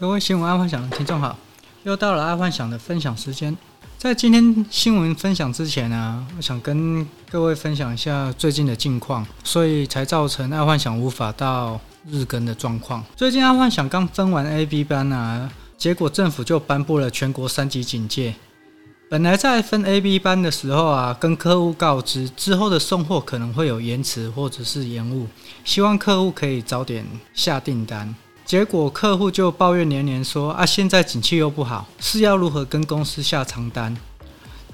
各位新聞愛幻想的聽眾好，又到了愛幻想的分享時間。在今天新聞分享之前呢，啊，我想跟各位分享一下最近的近況，所以才造成愛幻想無法到日更的狀況。最近愛幻想剛分完 A B 班啊，結果政府就頒布了全國三級警戒。本來在分 A B 班的時候啊，跟客戶告知之後的送貨可能會有延遲或者是延誤，希望客戶可以早點下訂單。結果客戶就抱怨連連，說啊，現在景氣又不好，是要如何跟公司下長單？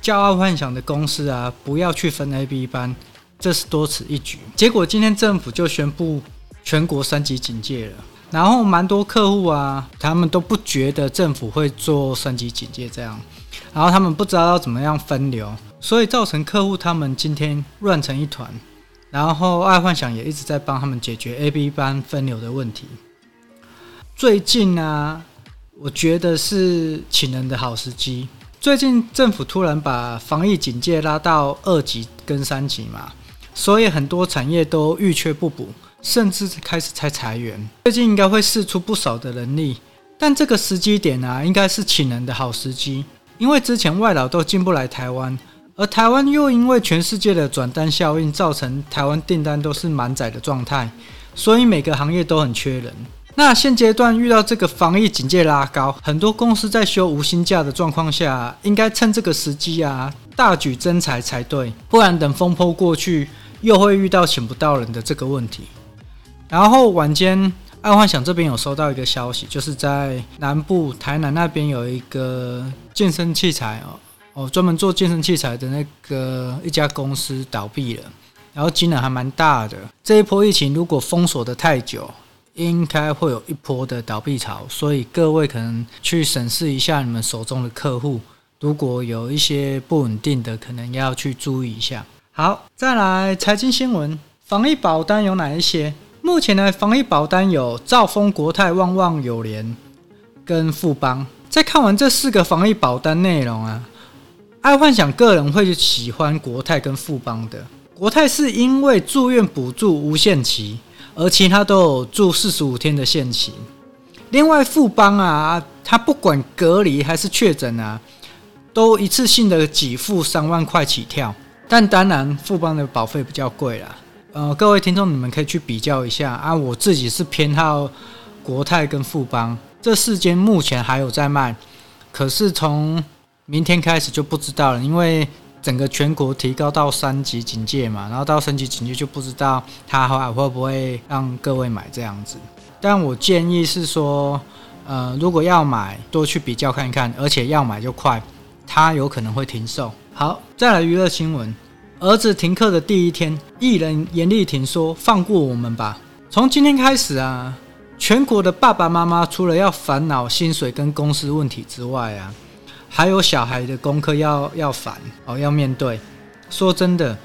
叫愛幻想的公司啊，不要去分 A、B 班，這是多此一舉。結果今天政府就宣布全國三級警戒了，然後蠻多客戶啊，他們都不覺得政府會做三級警戒這樣，然後他們不知道要怎麼樣分流，所以造成客戶他們今天亂成一團。然後愛幻想也一直在幫他們解決 A、B 班分流的問題。最近啊，我覺得是請人的好時機。最近政府突然把防疫警戒拉到二級跟三級嘛，所以很多產業都遇缺不補，甚至開始在裁員。最近應該會釋出不少的人力，但這個時機點啊，應該是請人的好時機。因為之前外勞都進不來台灣，而台灣又因為全世界的轉單效應，造成台灣訂單都是滿載的狀態，所以每個行業都很缺人。那現階段遇到這個防疫警戒拉高，很多公司在休無薪假的狀況下，應該趁這個時機啊，大舉徵才才對，不然等風波過去，又會遇到請不到人的這個問題。然後晚間，愛幻想這邊有收到一個消息，就是在南部台南那邊有一個健身器材哦哦，專門做健身器材的那個一家公司倒閉了，然後金額還蠻大的。這一波疫情如果封鎖得太久。應該會有一波的倒閉潮，所以各位可能去審視一下你們手中的客戶，如果有一些不穩定的，可能要去注意一下。好，再來財經新聞，防疫保單有哪一些？目前呢，防疫保單有兆豐、國泰、旺旺有、友聯跟富邦。再看完這四個防疫保單內容啊，愛幻想個人會喜歡國泰跟富邦的。國泰是因為住院補助無限期。而其他都有住四十五天的限期，另外富邦啊，他不管隔離還是確診啊，都一次性的給付三萬塊起跳。但當然，富邦的保費比較貴啦。呃，各位聽眾，你們可以去比較一下啊。我自己是偏好國泰跟富邦這四間，目前還有在賣，可是從明天開始就不知道了，因為。整個全國提高到三級警戒嘛，然後到三級警戒就不知道他會會不會讓各位買這樣子。但我建議是說，呃，如果要買，多去比較看一看，而且要買就快，他有可能會停售。好，再來娛樂新聞，兒子停課的第一天，藝人嚴立婷說：“放過我們吧，從今天開始啊，全國的爸爸媽媽除了要煩惱薪水跟公司問題之外啊。”還有小孩的功課要要煩哦，要面對。說真的，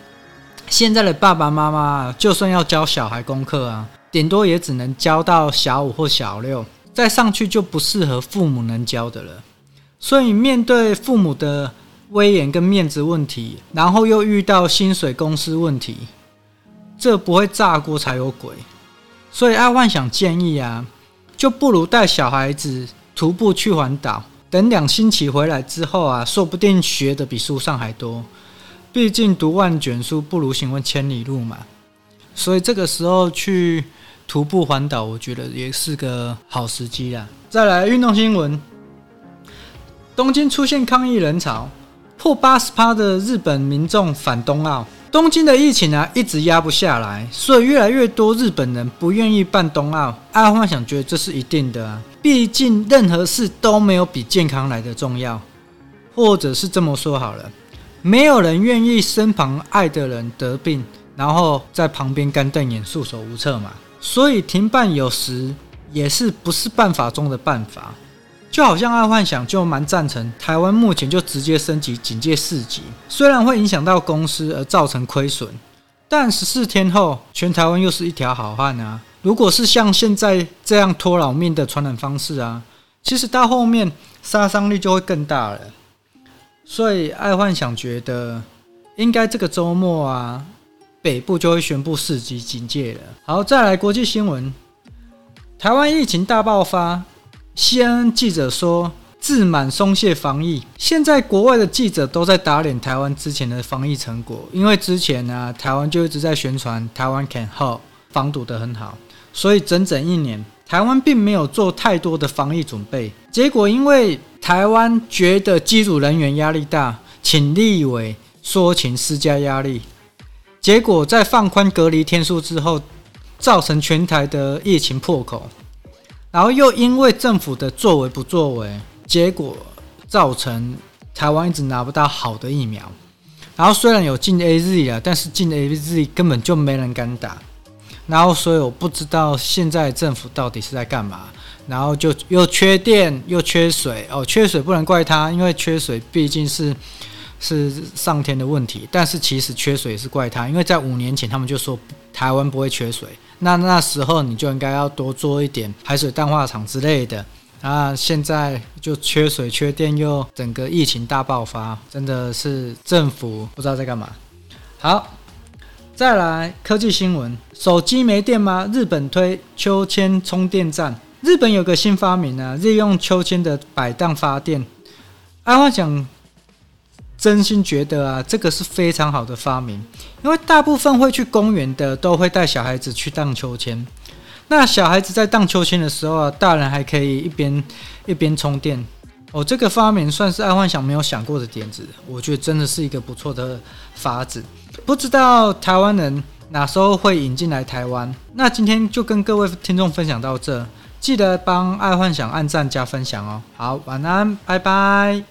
現在的爸爸媽媽就算要教小孩功課啊，頂多也只能教到小五或小六，再上去就不適合父母能教的了。所以面對父母的威嚴跟面子問題，然後又遇到薪水、公司問題，這不會炸鍋才有鬼。所以阿萬想建議啊，就不如帶小孩子徒步去環島。等兩星期回來之後啊，說不定學的比書上還多，畢竟讀萬卷書不如行萬里路嘛。所以這個時候去徒步環島，我覺得也是個好時機啦。再來，運動新聞：東京出現抗議人潮，破八十趴的日本民眾反東奧。東京的疫情啊，一直壓不下來，所以越來越多日本人不願意辦東奧。阿、啊、幻想，覺得這是一定的啊，畢竟任何事都沒有比健康來得重要。或者是這麼說好了，沒有人願意身旁愛的人得病，然後在旁邊乾瞪眼，束手無策嘛。所以停辦有時也是不是辦法中的辦法。就好像愛幻想，就蠻贊成台灣目前就直接升級警戒四級，雖然會影響到公司而造成虧損，但十四天後全台灣又是一條好漢啊！如果是像現在這樣拖老命的傳染方式啊，其實到後面殺傷力就會更大了。所以愛幻想覺得應該這個週末啊，北部就會宣布四級警戒了。好，再來國際新聞，台灣疫情大爆發。CNN 記者說：“自滿鬆懈防疫，現在國外的記者都在打臉台灣之前的防疫成果。因為之前呢、啊，台灣就一直在宣傳台灣 can help，防堵得很好，所以整整一年，台灣並沒有做太多的防疫準備。結果因為台灣覺得機組人員壓力大，請立委說情施加壓力，結果在放寬隔離天數之後，造成全台的疫情破口。”然後又因為政府的作為不作為，結果造成台灣一直拿不到好的疫苗。然後雖然有進 AZ 了，但是進 AZ 根本就沒人敢打。然後所以我不知道現在政府到底是在幹嘛。然後就又缺電又缺水哦，缺水不能怪他，因為缺水畢竟是。是上天的問題，但是其實缺水是怪他，因為在五年前他們就說台灣不會缺水，那那時候你就應該要多做一點海水淡化廠之類的。啊，現在就缺水、缺電又整個疫情大爆發，真的是政府不知道在幹嘛。好，再來科技新聞，手機沒電嗎？日本推秋千充電站，日本有個新發明啊，利用秋千的擺盪發電。愛、啊、花想。真心覺得啊，這個是非常好的發明，因為大部分會去公園的都會帶小孩子去盪秋千，那小孩子在荡秋千的時候啊，大人還可以一邊一邊充電。哦，這個發明算是愛幻想沒有想過的點子，我覺得真的是一個不錯的法子。不知道台灣人哪時候會引進來台灣？那今天就跟各位聽眾分享到這，記得幫愛幻想按讚加分享哦。好，晚安，拜拜。